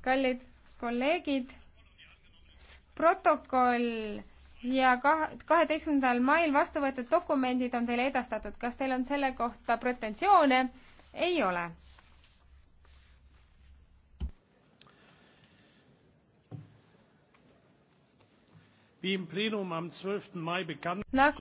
kallid kolleegid, protokoll ja kaheteistkümnendal mail vastu võetud dokumendid on teile edastatud. kas teil on selle kohta pretensioone? ei ole. nagu